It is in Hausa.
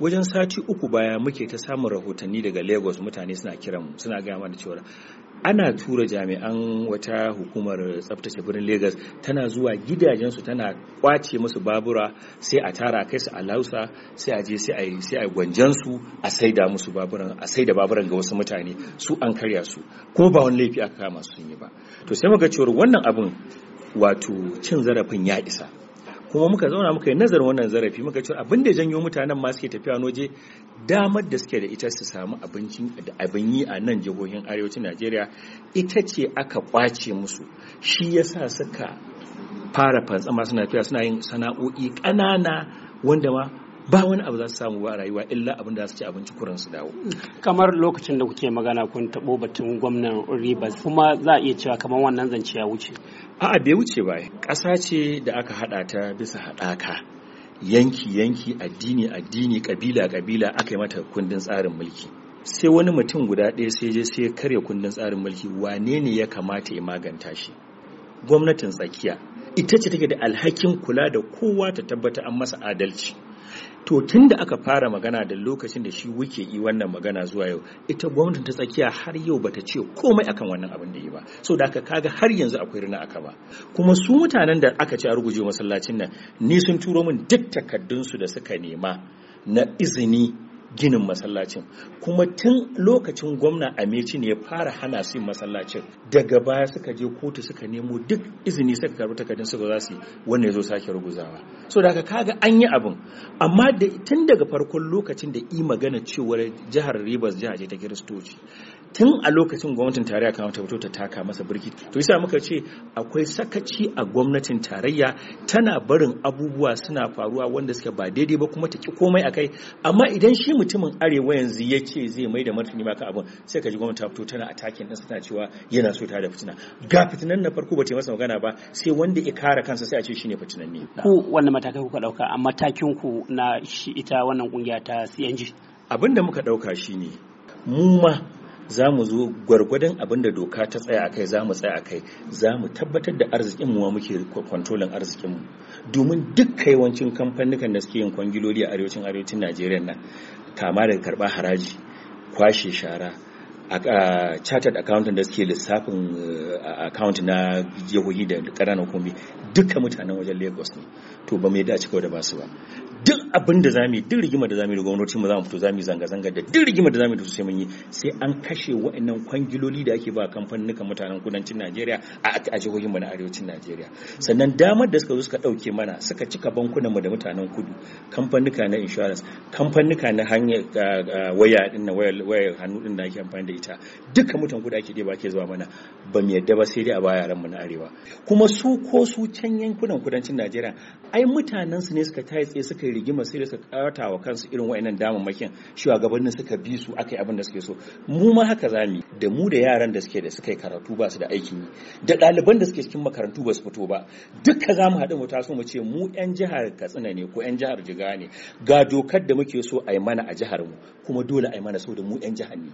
wajen sati uku baya muke ta samun rahotanni daga lagos mutane suna kiran suna gaya mana cewa ana tura jami'an wata hukumar tsaftace birnin lagos tana zuwa gidajensu tana kwace musu babura sai a tara kai su a lausa sai a je sai a yi sai a gwanjan su a saida musu baburan a saida baburan ga wasu mutane su an karya su ko ba wani laifi aka kama su sun yi ba to sai muga cewa wannan abin wato cin zarafin ya isa kuma muka zauna muka yi nazarin wannan zarafi muka ce abin da janyo mutanen ma suke tafiya noje damar da suke da ita su samu abincin da abin yi a nan jihohin arewacin Najeriya ita ce aka kwace musu shi yasa suka fara fantsama suna tafiya suna yin sana'o'i ƙanana wanda ma ba wani abu za su samu ba rayuwa illa abin da za su ci abinci kuran su dawo kamar lokacin da kuke magana kun tabo batun gwamnan ribas kuma za a iya cewa kamar wannan zance ya wuce a'a bai wuce ba ƙasa ce da aka haɗa ta bisa haɗaka yanki yanki addini addini kabila kabila aka yi mata kundin tsarin mulki sai wani mutum guda ɗaya sai je sai karya kundin tsarin mulki wane ne ya kamata ya maganta shi gwamnatin tsakiya ita ce take da alhakin kula da kowa ta tabbata an masa adalci to tun da aka fara magana da lokacin da shi wuke yi wannan magana zuwa yau ita gwamnatin ta tsakiya har yau bata ce komai akan wannan abin da yi ba so da aka kaga har yanzu akwai rina aka ba kuma su mutanen da aka ci a ruguje masallacin nan ni sun turo min duk takaddunsu da suka nema na izini ginin masallacin kuma tun lokacin gwamna ameci ne ya fara hana su yin masallacin daga baya suka je kotu suka nemo duk izini suka karbi takardun suka za su wanda ya zo sake ruguzawa so daga kaga an yi abin amma tun daga farkon lokacin da i magana cewar jihar Ribas jihar ce ta Kiristoci tun a lokacin gwamnatin tarayya kan wata ta taka masa birki to yasa muka ce akwai sakaci a gwamnatin tarayya tana barin abubuwa suna faruwa wanda suke ba daidai ba kuma ta ki komai akai amma idan shi mutumin arewa yanzu ya ce zai mai da martani maka abin sai ka ji gwamnati ta fito tana atakin din suna cewa yana so ta da fitina ga fitinan na farko ba ta masa magana ba sai wanda ya kara kansa sai a ce shine fitinan ne ku wannan matakai kuka dauka a matakin ku na shi ita wannan kungiya ta CNG abin da muka dauka shine mu ma za mu zo gwargwadon abin da doka ta tsaya a kai za mu tsaya a kai za mu tabbatar da arzikin mu muke kwantolin arzikinmu domin duk yawancin kamfanikan da suke yin kwangiloli a arewacin arewacin Najeriya na. kama daga karba haraji kwashe shara a chartered accountant da suke lissafin eh, account na jihohi da ƙananan komai duka mutanen wajen Lagos ne to ba mu yi dace kawai da basu ba duk abin da zamu yi duk rigima da zamu yi da gwamnati mu zamu fito zamu zanga zanga da duk rigima da zamu yi da su sai mun yi sai an kashe wa'annan kwangiloli da ake ba kamfanin mutanen kudancin Najeriya a jihohin mu na arewacin Najeriya sannan damar da suka zo suka dauke mana suka cika bankunan mu da mutanen kudu kamfanuka na insurance kamfanuka na hanyar waya din na wayar hannu din da ake amfani da ita dukkan mutan kudu ake ba ke zuwa mana ba mu yadda ba sai dai a baya ran mu na arewa kuma su ko su can yankunan kudancin Najeriya ai mutanen su ne suka tayi tsaye suka yi rigima sai da suka karata wa kansu irin wayannan damammakin shugabannin suka bi su aka abin da suke so mu ma haka zamu da mu da yaran da suke da suka karatu ba su da aikin yi da ɗaliban da suke cikin makarantu ba su fito ba dukka zamu haɗu mu taso mu ce mu yan jihar Katsina ne ko yan jihar Jigawa ne ga dokar da muke so a yi mana a jihar mu kuma dole a yi mana so da mu yan jihar ne